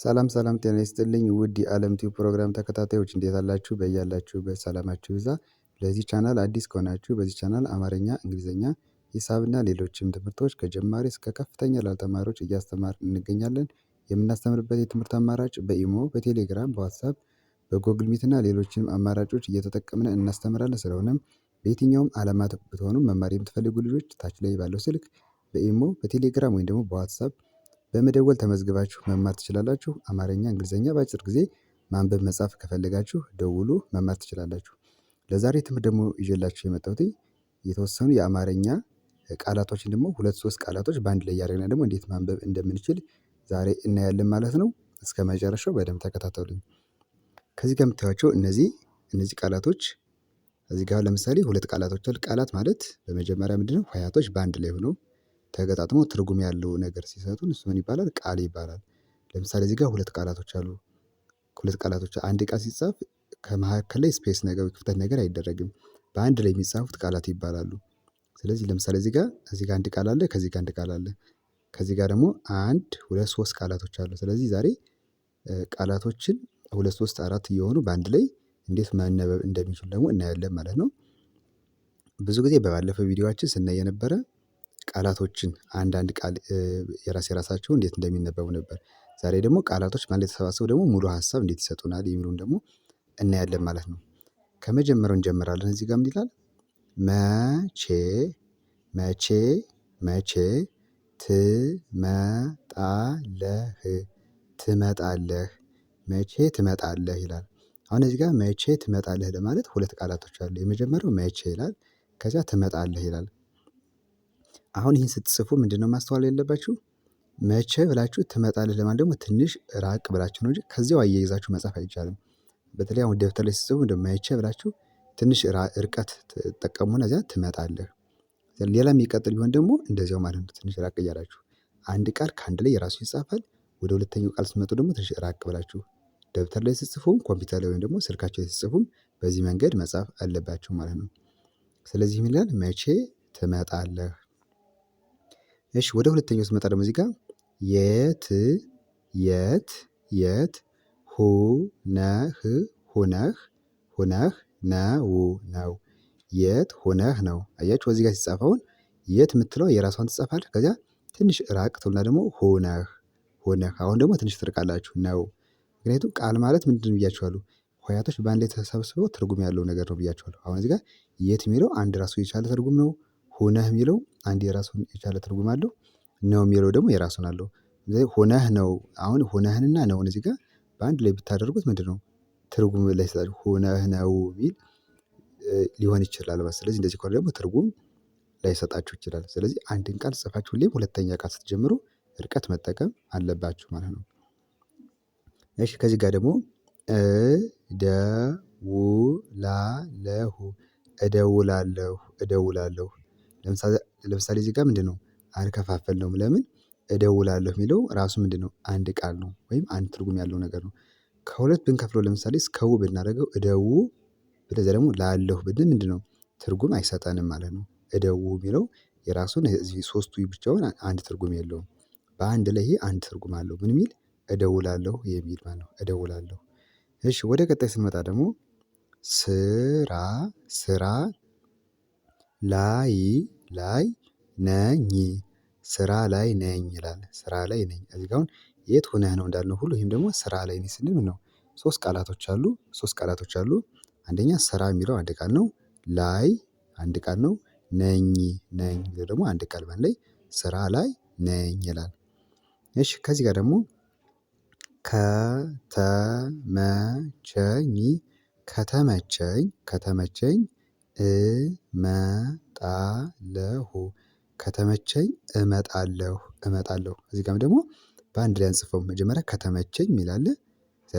ሰላም ሰላም ጤና ይስጥልኝ ውድ የዓለም ቲዩብ ፕሮግራም ተከታታዮች እንዴት አላችሁ? በያላችሁበት ሰላማችሁ ይዛ። ለዚህ ቻናል አዲስ ከሆናችሁ በዚህ ቻናል አማርኛ፣ እንግሊዝኛ፣ ሂሳብና ሌሎችም ትምህርቶች ከጀማሪ እስከ ከፍተኛ ላልተማሪዎች እያስተማር እንገኛለን። የምናስተምርበት የትምህርት አማራጭ በኢሞ፣ በቴሌግራም፣ በዋትሳፕ፣ በጎግል ሚትና ሌሎችንም አማራጮች እየተጠቀምን እናስተምራለን። ስለሆነም በየትኛውም ዓለማት ብትሆኑ መማር የምትፈልጉ ልጆች ታች ላይ ባለው ስልክ በኢሞ፣ በቴሌግራም ወይም ደግሞ በዋትሳፕ በመደወል ተመዝግባችሁ መማር ትችላላችሁ። አማርኛ እንግሊዘኛ በአጭር ጊዜ ማንበብ መጻፍ ከፈለጋችሁ ደውሉ መማር ትችላላችሁ። ለዛሬ ትምህርት ደግሞ ይዤላችሁ የመጣሁት የተወሰኑ የአማርኛ ቃላቶችን ደግሞ ሁለት ሶስት ቃላቶች በአንድ ላይ እያደረግን ደግሞ እንዴት ማንበብ እንደምንችል ዛሬ እናያለን ማለት ነው። እስከ መጨረሻው በደንብ ተከታተሉኝ። ከዚህ ጋር እነዚህ እነዚህ ቃላቶች እዚህ ጋር ለምሳሌ ሁለት ቃላቶች ቃላት ማለት በመጀመሪያ ምንድነው ሀያቶች በአንድ ላይ ሆነው ተገጣጥመው ትርጉም ያለው ነገር ሲሰጡን እሱ ምን ይባላል ቃል ይባላል። ለምሳሌ እዚህ ጋር ሁለት ቃላቶች አሉ። ሁለት ቃላቶች አንድ ቃል ሲጻፍ ከመካከል ላይ ስፔስ ነገር ክፍተት ነገር አይደረግም በአንድ ላይ የሚጻፉት ቃላት ይባላሉ። ስለዚህ ለምሳሌ እዚህ ጋር እዚህ ጋር አንድ ቃል አለ ከዚህ ጋር አንድ ቃል አለ። ከዚህ ጋር ደግሞ አንድ ሁለት ሶስት ቃላቶች አሉ ስለዚህ ዛሬ ቃላቶችን ሁለት ሶስት አራት እየሆኑ በአንድ ላይ እንዴት መነበብ እንደሚችሉ ደግሞ እናያለን ማለት ነው። ብዙ ጊዜ በባለፈው ቪዲዮችን ስናይ የነበረ ቃላቶችን አንዳንድ ቃል የራስ የራሳቸው እንዴት እንደሚነበቡ ነበር። ዛሬ ደግሞ ቃላቶች ማለት የተሰባሰቡ ደግሞ ሙሉ ሀሳብ እንዴት ይሰጡናል የሚሉን ደግሞ እናያለን ማለት ነው። ከመጀመሪያው እንጀምራለን እዚህ ጋር ምን ይላል? መቼ መቼ መቼ ትመጣለህ ትመጣለህ መቼ ትመጣለህ ይላል? አሁን እዚህ ጋር መቼ ትመጣለህ ለማለት ሁለት ቃላቶች አሉ የመጀመሪያው መቼ ይላል ከዚያ ትመጣለህ ይላል አሁን ይህን ስትጽፉ ምንድነው ማስተዋል ያለባችሁ? መቼ ብላችሁ ትመጣለህ ለማለት ደግሞ ትንሽ ራቅ ብላችሁ ነው እንጂ ከዚያው አያይዛችሁ መጻፍ አይቻልም። በተለይ አሁን ደብተር ላይ ስትጽፉ ምንድነው መቼ ብላችሁ ትንሽ ርቀት ትጠቀሙና እዚያ ትመጣለህ። ሌላ የሚቀጥል ቢሆን ደግሞ እንደዚያው ማለት ነው ትንሽ ራቅ እያላችሁ አንድ ቃል ከአንድ ላይ የራሱ ይጻፋል። ወደ ሁለተኛው ቃል ስትመጡ ደግሞ ትንሽ ራቅ ብላችሁ ደብተር ላይ ስትጽፉም ኮምፒውተር ላይ ወይም ደግሞ ስልካቸው ላይ ስትጽፉም በዚህ መንገድ መጻፍ አለባቸው ማለት ነው። ስለዚህ ምን ይላል መቼ ትመጣለህ እሺ ወደ ሁለተኛው ስመጣ ደግሞ እዚህ ጋር የት የት የት ሁነህ ሁነህ ሁነህ ነው ነው የት ሁነህ ነው። አያችሁ እዚህ ጋር የት የምትለው የራሷን ትጻፋለህ። ከዚያ ትንሽ ራቅ ትልና ደግሞ ሁነህ ሁነህ። አሁን ደግሞ ትንሽ ትርቃላችሁ ነው። ምክንያቱም ቃል ማለት ምንድን ነው ብያችኋሉ። ሆያቶች በአንድ ላይ ተሰብስበው ትርጉም ያለው ነገር ነው ብያችኋሉ። አሁን እዚህ ጋር የት የሚለው አንድ ራሱ የቻለ ትርጉም ነው ሆነህ የሚለው አንድ የራሱን የቻለ ትርጉም አለው። ነው የሚለው ደግሞ የራሱን አለው። ሆነህ ነው አሁን ሆነህንና ነውን እዚህ ጋር በአንድ ላይ ብታደርጉት ምንድነው? ትርጉም ላይሰጣችሁ ሆነህ ነው የሚል ሊሆን ይችላል። ስለዚህ እንደዚህ ከሆነ ደግሞ ትርጉም ላይሰጣችሁ ይችላል። ስለዚህ አንድን ቃል ጽፋችሁ ሁሌም ሁለተኛ ቃል ስትጀምሩ ርቀት መጠቀም አለባችሁ ማለት ነው። እሺ ከዚህ ጋር ደግሞ እደውላለሁ እደውላለሁ እደውላለሁ ለምሳሌ እዚህ ጋር ምንድነው? ነው። ለምን እደውላለሁ የሚለው ራሱ ምንድነው አንድ ቃል ነው ወይም አንድ ትርጉም ያለው ነገር ነው። ከሁለት ብንከፍለው ለምሳሌ እስከ ው ብናደርገው እደው በለዚያ ደግሞ ላለሁ ብንል ምንድነው ትርጉም አይሰጠንም ማለት ነው። እደው የሚለው የራሱን እዚህ ሶስቱ ብቻውን አንድ ትርጉም የለውም። በአንድ ላይ ይሄ አንድ ትርጉም አለው ምን የሚል እደውላለሁ የሚል ማለት ነው። እደውላለሁ እሺ ወደ ቀጣይ ስንመጣ ደግሞ ስራ ስራ ላይ ላይ ነኝ ስራ ላይ ነኝ ይላል ስራ ላይ ነኝ እዚህ ጋር አሁን የት ሆነህ ነው እንዳልነው ሁሉ ይሄም ደግሞ ስራ ላይ ነኝ ስንል ነው ሶስት ቃላቶች አሉ ሶስት ቃላቶች አሉ አንደኛ ስራ የሚለው አንድ ቃል ነው ላይ አንድ ቃል ነው ነኝ ነኝ ደግሞ አንድ ቃል በአንድ ላይ ስራ ላይ ነኝ ይላል። እሺ ከዚህ ጋር ደግሞ ከተመቸኝ ከተመቸኝ ከተመቸኝ እመጣለሁ ከተመቸኝ እመጣለሁ እመጣለሁ እዚህ ጋም ደግሞ በአንድ ላይ አንጽፈው መጀመሪያ ከተመቸኝ የሚል አለ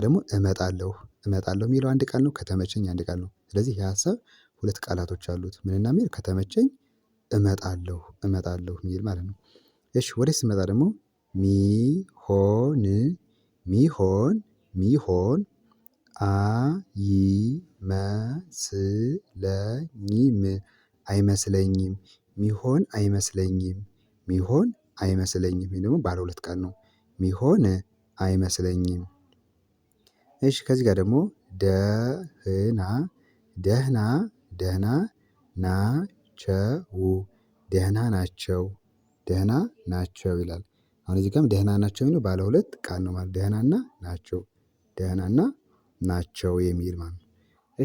ደግሞ እመጣለሁ እመጣለሁ የሚለው አንድ ቃል ነው ከተመቸኝ አንድ ቃል ነው ስለዚህ ይሄ ሀሳብ ሁለት ቃላቶች አሉት ምንና ሚል ከተመቸኝ እመጣለሁ እመጣለሁ የሚል ማለት ነው። እሺ ወደዚህ ስመጣ ደግሞ ሚሆን ሚሆን ሚሆን አይመስለኝም አይመስለኝም ሚሆን አይመስለኝም ሚሆን አይመስለኝም ይሄ ደግሞ ባለ ሁለት ቃል ነው ሚሆን አይመስለኝም። እሺ ከዚህ ጋር ደግሞ ደህና ደህና ደህና ናቸው ደህና ናቸው ደህና ናቸው ይላል። አሁን እዚህ ጋም ደህና ናቸው የሚለው ባለ ሁለት ቃል ነው ማለት ደህናና ናቸው ደህናና ናቸው የሚል ማለት ነው።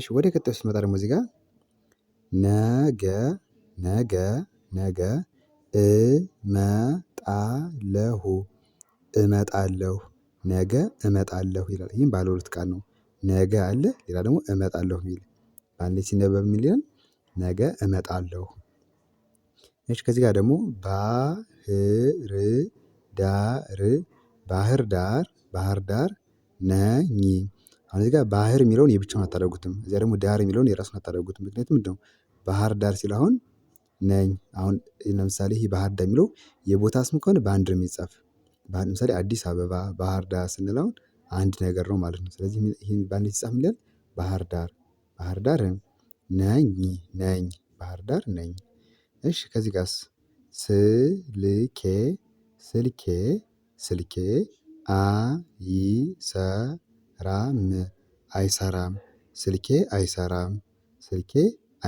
እሺ ወደ ቀጣዩ ስንመጣ ደግሞ እዚህ ጋር ነገ ነገ ነገ እመጣለሁ እመጣለሁ ነገ እመጣለሁ ይላል ይህም ባለ ሁለት ቃል ነው። ነገ አለ ሌላ ደግሞ እመጣለሁ የሚል በአንዴ ሲነበብ የሚል ይላል? ነገ እመጣለሁ። እሺ ከዚህ ጋር ደግሞ ባህር ዳር ባህር ዳር ባህር ዳር ነኝ አሁን እዚህ ጋር ባህር የሚለውን የብቻውን አታደርጉትም እዚ ደግሞ ዳር የሚለውን የራሱን አታደርጉትም ምክንያቱም ምንድነው? ባህር ዳር ሲል አሁን ነኝ አሁን ለምሳሌ ይህ ባህር ዳር የሚለው የቦታ ስም ከሆነ በአንድ ነው የሚጻፍ። ለምሳሌ አዲስ አበባ ባህር ዳር ስንለውን አንድ ነገር ነው ማለት ነው። ስለዚህ ይህን በአንድ ሲጻፍ ምን ባህር ዳር ባህር ዳር ነኝ ነኝ ባህር ዳር ነኝ። እሺ ከዚህ ጋርስ ስልኬ ስልኬ ስልኬ አይሰራም ራም አይሰራም ስልኬ አይሰራም ስልኬ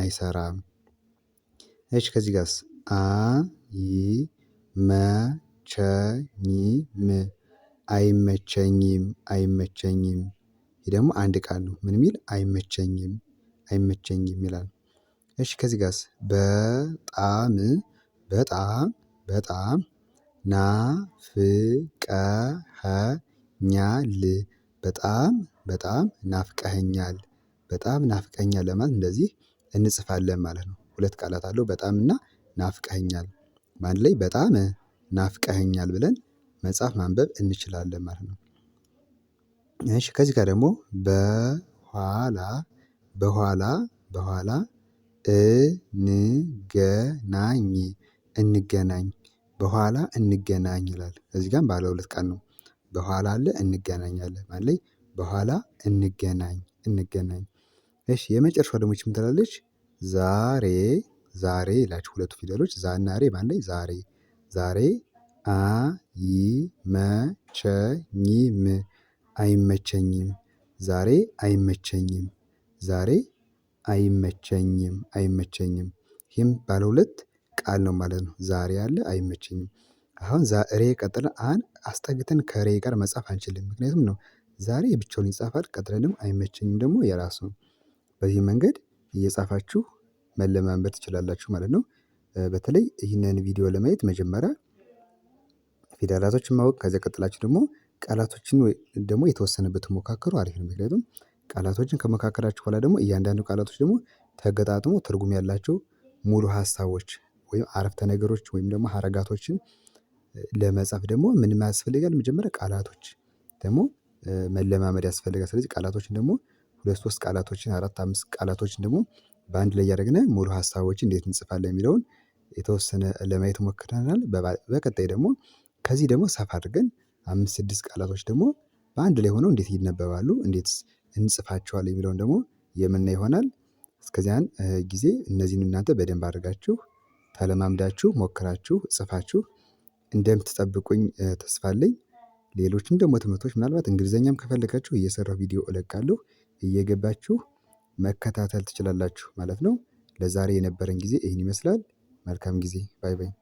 አይሰራም። እሺ ከዚህ ጋርስ አ ይ መ ቸ ኝ ም አይመቸኝም አይመቸኝም ይህ ደግሞ አንድ ቃል ነው ምን የሚል አይመቸኝም አይመቸኝም ይላል። እሺ ከዚህ ጋርስ በጣም በጣም በጣም ናፍቀኸኛል በጣም በጣም ናፍቀኸኛል በጣም ናፍቀኛል ለማለት እንደዚህ እንጽፋለን ማለት ነው። ሁለት ቃላት አለው በጣም እና ናፍቀኸኛል በአንድ ላይ በጣም ናፍቀኸኛል ብለን መጻፍ ማንበብ እንችላለን ማለት ነው። እሺ ከዚህ ጋር ደግሞ በኋላ በኋላ በኋላ እንገናኝ እንገናኝ በኋላ እንገናኝ ይላል እዚህ ጋር ባለ ሁለት ቃል ነው በኋላ አለ እንገናኛለን ማለት ላይ በኋላ እንገናኝ እንገናኝ። እሺ የመጨረሻ ደግሞ ምን ትላለች? ዛሬ ዛሬ ይላችሁ ሁለቱ ፊደሎች ዛና ሬ ማለት ላይ ዛሬ ዛሬ ም አይመቸኝም ዛሬ አይመቸኝም ዛሬ አይመቸኝም አይመቸኝም ይህም ባለ ሁለት ቃል ነው ማለት ነው። ዛሬ አለ አይመቸኝም አሁን ዛሬ ቀጥለ አን አስጠግተን ከሬ ጋር መጻፍ አንችልም ምክንያቱም ነው ዛሬ ብቻውን ይጻፋል ቀጥለንም አይመቸኝም ደግሞ የራሱ በዚህ መንገድ እየጻፋችሁ መለማንበር ትችላላችሁ ማለት ነው። በተለይ ይህንን ቪዲዮ ለማየት መጀመሪያ ፊደላቶችን ማወቅ ከዚያ ቀጥላችሁ ደግሞ ቃላቶችን ደግሞ የተወሰነበት ብትሞካከሩ አሪፍ ነው። ምክንያቱም ቃላቶችን ከመካከላችሁ በኋላ ደግሞ እያንዳንዱ ቃላቶች ደግሞ ተገጣጥሞ ትርጉም ያላቸው ሙሉ ሀሳቦች ወይም አረፍተ ነገሮች ወይም ደግሞ ሀረጋቶችን ለመጻፍ ደግሞ ምን ያስፈልጋል? መጀመሪያ ቃላቶች ደግሞ መለማመድ ያስፈልጋል። ስለዚህ ቃላቶችን ደግሞ ሁለት ሶስት ቃላቶችን አራት አምስት ቃላቶችን ደግሞ በአንድ ላይ እያደረግን ሙሉ ሀሳቦችን እንዴት እንጽፋለን የሚለውን የተወሰነ ለማየት ሞክረናል። በቀጣይ ደግሞ ከዚህ ደግሞ ሰፋ አድርገን አምስት ስድስት ቃላቶች ደግሞ በአንድ ላይ ሆነው እንዴት ይነበባሉ እንዴት እንጽፋቸዋለን የሚለውን ደግሞ የምና ይሆናል። እስከዚያን ጊዜ እነዚህን እናንተ በደንብ አድርጋችሁ ተለማምዳችሁ ሞክራችሁ ጽፋችሁ እንደምትጠብቁኝ ተስፋለኝ። ሌሎችም ደግሞ ትምህርቶች ምናልባት እንግሊዘኛም ከፈለጋችሁ እየሰራሁ ቪዲዮ እለቃለሁ እየገባችሁ መከታተል ትችላላችሁ ማለት ነው። ለዛሬ የነበረን ጊዜ ይህን ይመስላል። መልካም ጊዜ ባይ ባይ